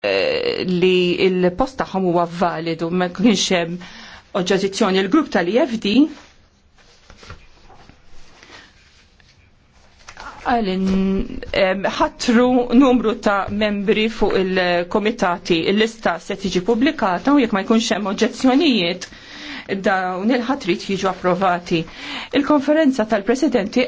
Eh, li il-post tagħhom huwa validu ma kienx hemm oġġożizzjoni il-grupp tal-IFD għalin ħatru numru ta' membri fuq il-komitati il-lista se tiġi pubblikata u jekk ma jkunx hemm oġġezzjonijiet dawn il-ħatrit jiġu approvati. Il-konferenza tal-presidenti